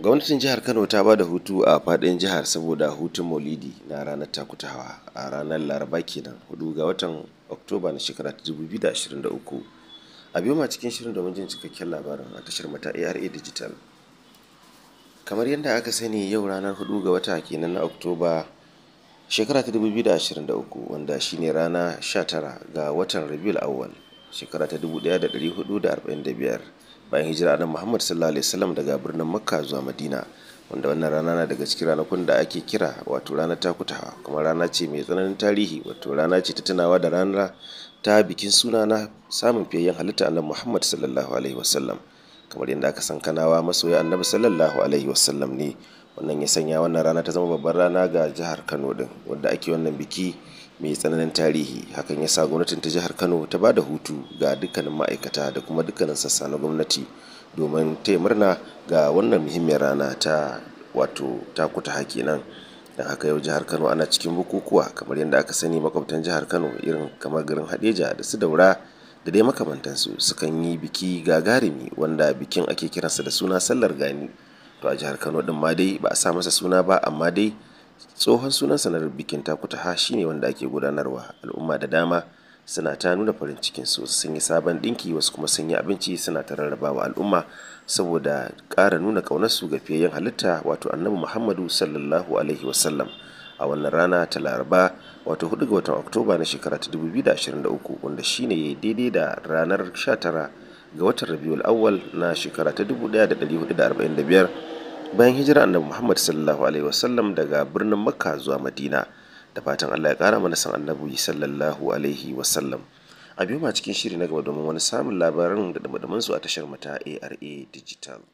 gwamnatin jihar kano ta ba da hutu a fadin jihar saboda hutun maulidi na ranar takutawa a ranar laraba kenan hudu ga watan oktoba na shekara 2023 a biyu ma cikin shirin domin jin cikakken labarin a tashar mata ara digital kamar yadda aka sani yau ranar hudu ga wata kenan na oktoba shekarar 2023 wanda shine rana 19 ga watan rabiul awwal shekara ta 1445 bayan hijira a Muhammad sallallahu alaihi wasallam daga birnin Makka zuwa Madina wanda wannan rana na daga cikin ranakun da ake kira wato rana ta takutawa kuma rana ce mai tsananin tarihi wato rana ce ta tunawa da ranar ta bikin suna na samun fiyayyen halitta annabi Muhammad sallallahu alaihi wasallam kamar yadda aka san kanawa masoya annabi sallallahu alaihi wasallam ne wannan ya sanya wannan rana ta zama babbar rana ga jihar Kano din wanda ake wannan biki mai tsananin tarihi hakan ya sa gwamnatin ta jihar kano ta ba da hutu ga dukkanin ma'aikata da kuma dukkanin sassa na gwamnati domin taya murna ga wannan muhimmiyar rana ta wato takuta haki nan don haka yau jihar kano ana cikin bukukuwa kamar yadda aka sani makwabtan jihar kano irin kamar garin hadeja da su daura da dai makamantansu sukan yi biki gagarumi wanda bikin ake kiransa da suna sallar gani to a jihar kano din ma dai ba a sa masa suna ba amma dai tsohon sunan sanar bikin takutaha shine wanda ake gudanarwa al'umma da dama suna ta nuna farin cikin su sun yi sabon dinki wasu kuma sun yi abinci suna ta rarrabawa al'umma saboda ƙara nuna su ga fiyayyen halitta wato annabi muhammadu sallallahu alaihi wasallam a wannan rana ta laraba wato 4 ga watan oktoba na shekara ta 2023 wanda shine ya daidai da ranar 19 ga watan rabiul awwal na shekara ta 1445 bayan hijira annabi muhammad sallallahu alaihi wasallam daga birnin makka zuwa madina da fatan allah ya kara mana san annabi sallallahu alaihi wasallam a biyu ma cikin shiri na gaba domin wani samun labaran da damadamansu a tashar mata ara digital